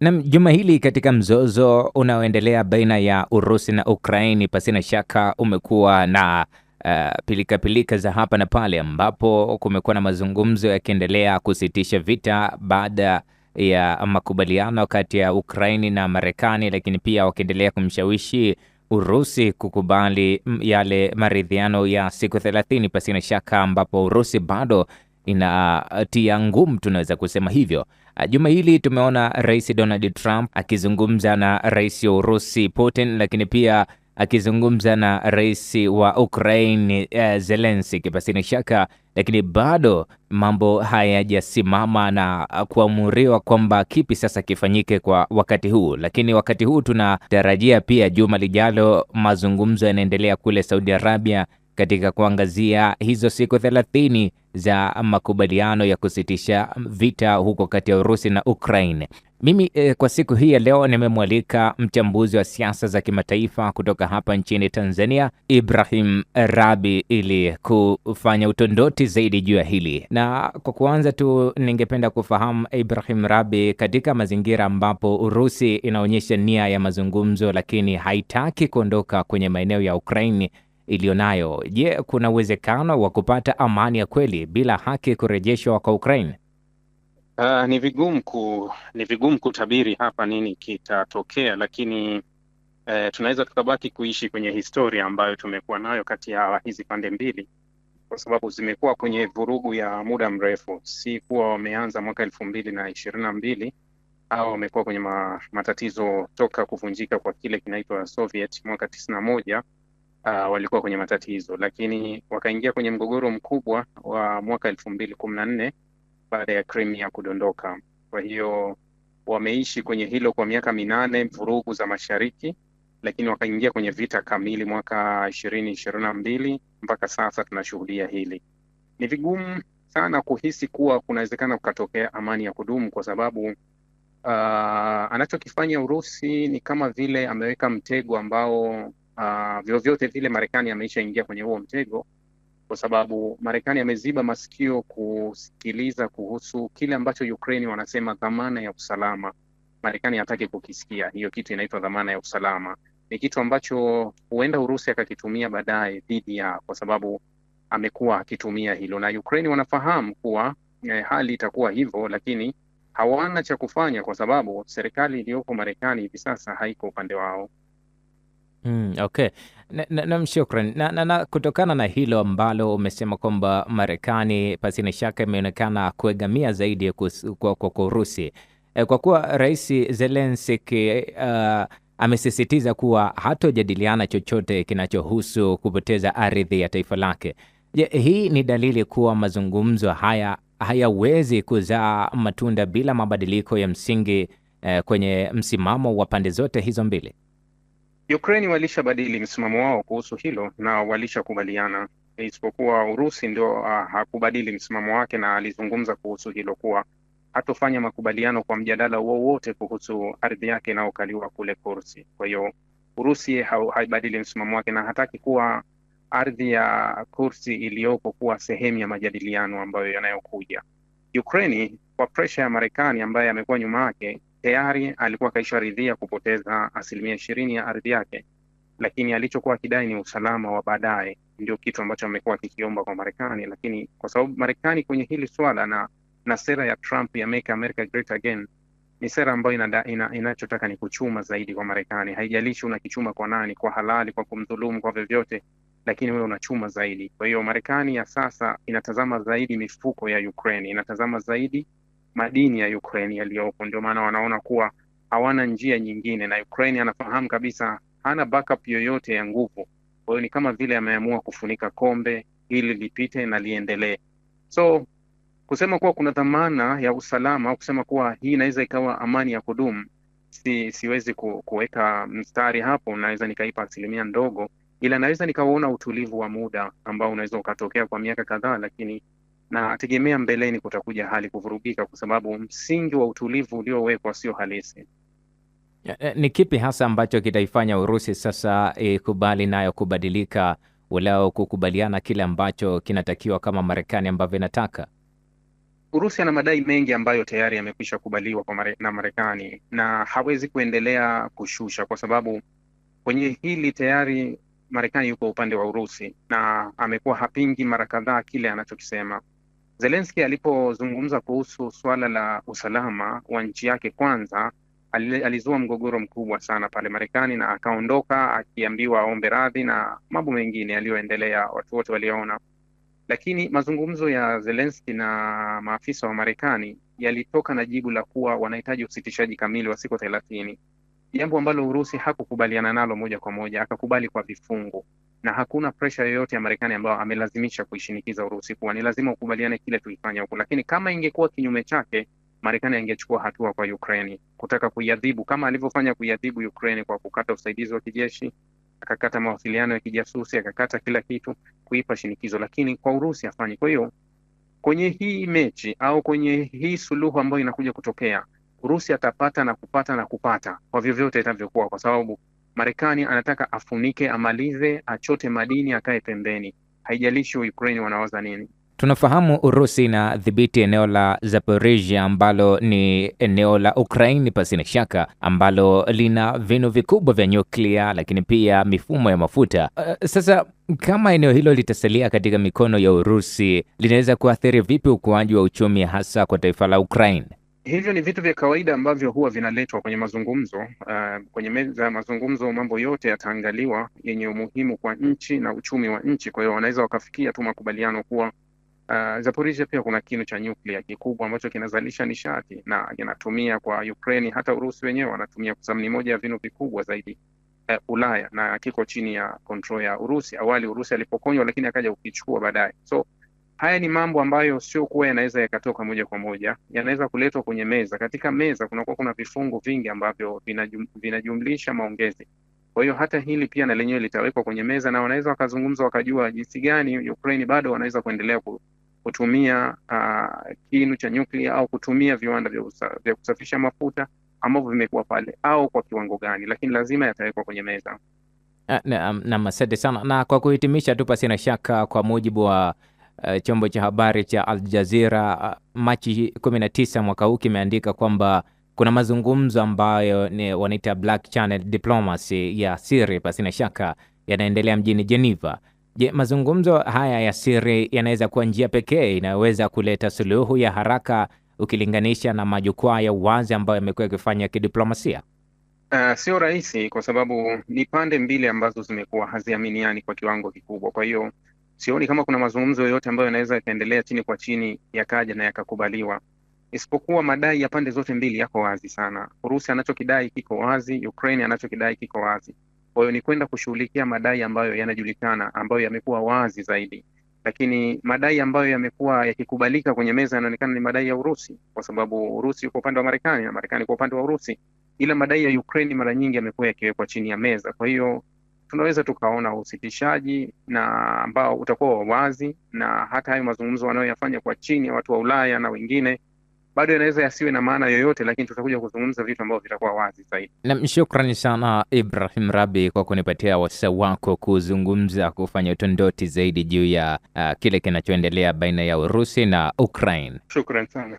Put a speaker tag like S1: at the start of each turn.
S1: Na juma hili katika mzozo unaoendelea baina ya Urusi na Ukraini, pasina shaka umekuwa na uh, eh, pilika pilika za hapa na pale, ambapo kumekuwa na mazungumzo yakiendelea kusitisha vita baada ya makubaliano kati ya Ukraini na Marekani, lakini pia wakiendelea kumshawishi Urusi kukubali yale maridhiano ya siku 30 pasina shaka, ambapo Urusi bado inatia ngumu, tunaweza kusema hivyo. Ah, juma hili tumeona Rais Donald Trump akizungumza na Rais wa Urusi Putin, lakini pia akizungumza na Rais wa Ukraine uh, Zelensky pasina shaka, lakini bado mambo hayajasimama na kuamuriwa kwamba kipi sasa kifanyike kwa wakati huu. Lakini wakati huu tunatarajia pia juma lijalo mazungumzo yanaendelea kule Saudi Arabia katika kuangazia hizo siku thelathini za makubaliano ya kusitisha vita huko kati ya Urusi na Ukraine. Mimi eh, kwa siku hii ya leo nimemwalika mchambuzi wa siasa za kimataifa kutoka hapa nchini Tanzania, Ibrahim Rabi, ili kufanya utondoti zaidi juu ya hili. Na kwa kuanza tu, ningependa kufahamu Ibrahim Rabi, katika mazingira ambapo Urusi inaonyesha nia ya mazungumzo, lakini haitaki kuondoka kwenye maeneo ya Ukraini iliyonayo. Je, kuna uwezekano wa kupata amani ya kweli bila haki kurejeshwa kwa Ukraine?
S2: Uh, ni vigumu ku, ni vigumu kutabiri hapa nini kitatokea, lakini eh, tunaweza tukabaki kuishi kwenye historia ambayo tumekuwa nayo kati ya hizi pande mbili, kwa sababu zimekuwa kwenye vurugu ya muda mrefu, si kuwa wameanza mwaka elfu mbili na ishirini na mbili au wamekuwa kwenye ma, matatizo toka kuvunjika kwa kile kinaitwa Soviet mwaka tisini na moja uh, walikuwa kwenye matatizo, lakini wakaingia kwenye mgogoro mkubwa wa mwaka elfu mbili kumi na nne baada ya krimia kudondoka. Kwa hiyo wameishi kwenye hilo kwa miaka minane, vurugu za mashariki, lakini wakaingia kwenye vita kamili mwaka ishirini ishirini na mbili mpaka sasa tunashuhudia hili. Ni vigumu sana kuhisi kuwa kunawezekana kukatokea amani ya kudumu kwa sababu Uh, anachokifanya Urusi ni kama vile ameweka mtego ambao uh, vyovyote vile Marekani ameishaingia kwenye huo mtego, kwa sababu Marekani ameziba masikio kusikiliza kuhusu kile ambacho Ukraine wanasema dhamana ya usalama. Marekani hataki kukisikia. Hiyo kitu inaitwa dhamana ya usalama, ni kitu ambacho huenda Urusi akakitumia baadaye dhidi ya, kwa sababu amekuwa akitumia hilo na Ukraine wanafahamu kuwa eh, hali itakuwa hivyo, lakini hawana cha kufanya kwa sababu serikali iliyoko Marekani hivi sasa haiko upande wao.
S1: Mm, okay. Naam, shukran na, na, na kutokana na hilo ambalo umesema kwamba Marekani pasina shaka imeonekana kuegamia zaidi kwa Urusi kwa, eh, kwa kuwa Rais Zelensky uh, amesisitiza kuwa hatojadiliana chochote kinachohusu kupoteza ardhi ya taifa lake. Je, hii ni dalili kuwa mazungumzo haya hayawezi kuzaa matunda bila mabadiliko ya msingi eh, kwenye msimamo wa pande zote hizo mbili?
S2: Ukraini walishabadili msimamo wao kuhusu hilo na walishakubaliana, isipokuwa Urusi ndio ah, hakubadili msimamo wake, na alizungumza kuhusu hilo kuwa hatofanya makubaliano kwa mjadala wowote kuhusu ardhi yake inayokaliwa kule Kursi. Kwa hiyo Urusi haibadili msimamo wake na hataki kuwa ardhi ya Kursi iliyopo kuwa sehemu ya majadiliano ambayo yanayokuja. Ukraini kwa presha ya Marekani ambaye amekuwa nyuma yake tayari alikuwa akaisha ridhia kupoteza asilimia ishirini ya ardhi yake, lakini alichokuwa akidai ni usalama wa baadaye, ndio kitu ambacho amekuwa akikiomba kwa Marekani. Lakini kwa sababu Marekani kwenye hili swala na na sera ya Trump ya Make America Great Again ni sera ambayo inachotaka ina, ina ni kuchuma zaidi kwa Marekani. Haijalishi unakichuma kwa nani, kwa halali, kwa kumdhulumu, kwa vyovyote, lakini wewe unachuma zaidi. Kwa hiyo Marekani ya sasa inatazama zaidi mifuko ya Ukraine, inatazama zaidi madini ya Ukraine yaliyoko. Ndio maana wanaona kuwa hawana njia nyingine, na Ukraine anafahamu kabisa hana backup yoyote ya nguvu. Kwa hiyo ni kama vile ameamua kufunika kombe ili lipite na liendelee. So kusema kuwa kuna dhamana ya usalama au kusema kuwa hii inaweza ikawa amani ya kudumu, si, siwezi ku, kuweka mstari hapo, naweza nikaipa asilimia ndogo, ila naweza nikaona utulivu wa muda ambao unaweza ukatokea kwa miaka kadhaa, lakini na ategemea mbeleni kutakuja hali kuvurugika, kwa sababu msingi wa utulivu uliowekwa sio halisi.
S1: Eh, ni kipi hasa ambacho kitaifanya Urusi sasa ikubali nayo kubadilika, walao kukubaliana kile ambacho kinatakiwa kama Marekani ambavyo inataka?
S2: Urusi ana madai mengi ambayo tayari yamekwisha kubaliwa kwa na Marekani na hawezi kuendelea kushusha, kwa sababu kwenye hili tayari Marekani yuko upande wa Urusi na amekuwa hapingi mara kadhaa kile anachokisema. Zelenski alipozungumza kuhusu suala la usalama wa nchi yake, kwanza alizua mgogoro mkubwa sana pale Marekani na akaondoka akiambiwa aombe radhi na mambo mengine yaliyoendelea, watu wote waliona. Lakini mazungumzo ya Zelenski na maafisa wa Marekani yalitoka na jibu la kuwa wanahitaji usitishaji kamili wa siku thelathini, jambo ambalo Urusi hakukubaliana nalo moja kwa moja, akakubali kwa vifungu na hakuna presha yoyote ya Marekani ambayo amelazimisha kuishinikiza Urusi kuwa ni lazima ukubaliane kile tulifanya huku. Lakini kama ingekuwa kinyume chake, Marekani angechukua hatua kwa Ukraini kutaka kuiadhibu kama alivyofanya kuiadhibu Ukraini kwa kukata usaidizi wa kijeshi, akakata mawasiliano ya kijasusi, akakata kila kitu, kuipa shinikizo, lakini kwa Urusi afanye. Kwa hiyo kwenye hii mechi au kwenye hii suluhu ambayo inakuja kutokea, Urusi atapata na kupata na kupata kwa vyovyote itavyokuwa, kwa sababu Marekani anataka afunike, amalize, achote madini, akae pembeni, haijalishi Ukraine wanawaza nini.
S1: Tunafahamu Urusi inadhibiti eneo la Zaporizhia ambalo ni eneo la Ukraini pasina shaka, ambalo lina vinu vikubwa vya nyuklia, lakini pia mifumo ya mafuta. Uh, sasa kama eneo hilo litasalia katika mikono ya Urusi linaweza kuathiri vipi ukuaji wa uchumi hasa kwa taifa la Ukraine?
S2: Hivyo ni vitu vya kawaida ambavyo huwa vinaletwa kwenye mazungumzo. Uh, kwenye meza ya mazungumzo mambo yote yataangaliwa yenye umuhimu kwa nchi na uchumi wa nchi. Kwa hiyo wanaweza wakafikia tu makubaliano kuwa uh, Zaporizhia pia kuna kinu cha nyuklia kikubwa ambacho kinazalisha nishati na kinatumia kwa ukreni Hata Urusi wenyewe wanatumia kwa sababu ni moja ya vinu vikubwa zaidi uh, Ulaya na kiko chini ya kontrol ya Urusi. Awali Urusi alipokonywa, lakini akaja ukichukua baadaye so haya ni mambo ambayo sio kuwa yanaweza yakatoka moja kwa moja, yanaweza kuletwa kwenye meza. Katika meza kunakuwa kuna vifungu vingi ambavyo vinajum, vinajumlisha maongezi. Kwa hiyo hata hili pia na lenyewe litawekwa kwenye meza na wanaweza wakazungumza, wakajua jinsi gani Ukraine bado wanaweza kuendelea kutumia uh, kinu cha nyuklia au kutumia viwanda vya, usa, vya kusafisha mafuta ambavyo vimekuwa pale au kwa kiwango gani, lakini lazima yatawekwa kwenye meza.
S1: Ah, um, naam, asante na, na, sana. Na kwa kuhitimisha tu, pasi na shaka, kwa mujibu wa Eh, chombo cha habari cha Al Jazeera eh, Machi 19 mwaka huu kimeandika kwamba kuna mazungumzo ambayo wanaita Black Channel Diplomacy ya siri na shaka yanaendelea mjini Geneva. Je, mazungumzo haya ya siri yanaweza kuwa njia pekee inayoweza kuleta suluhu ya haraka ukilinganisha na majukwaa ya uwazi ambayo yamekuwa yakifanya kidiplomasia?
S2: Uh, sio rahisi kwa sababu ni pande mbili ambazo zimekuwa haziaminiani kwa kiwango kikubwa. Kwa hiyo sioni kama kuna mazungumzo yoyote ambayo yanaweza yakaendelea chini kwa chini yakaja na yakakubaliwa, isipokuwa madai ya pande zote mbili yako wazi sana. Urusi anachokidai kiko wazi, Ukraine anachokidai kiko wazi. Kwa hiyo ni kwenda kushughulikia madai ambayo yanajulikana, ambayo yamekuwa wazi zaidi lakini madai ambayo yamekuwa yakikubalika kwenye meza yanaonekana ni madai ya Urusi, kwa sababu Urusi yuko upande wa Marekani na Marekani kwa upande wa Urusi, ila madai ya Ukraine mara nyingi yamekuwa yakiwekwa chini ya meza. Kwa hiyo tunaweza tukaona usitishaji na ambao utakuwa wa wazi, na hata hayo mazungumzo wanayoyafanya kwa chini ya watu wa Ulaya na wengine bado yanaweza yasiwe na maana yoyote, lakini tutakuja kuzungumza vitu ambavyo vitakuwa wazi zaidi.
S1: Nam, shukrani sana Ibrahim Rabi kwa kunipatia wasa wako kuzungumza, kufanya tondoti zaidi juu ya uh, kile kinachoendelea baina ya Urusi na Ukraine.
S2: Shukran sana.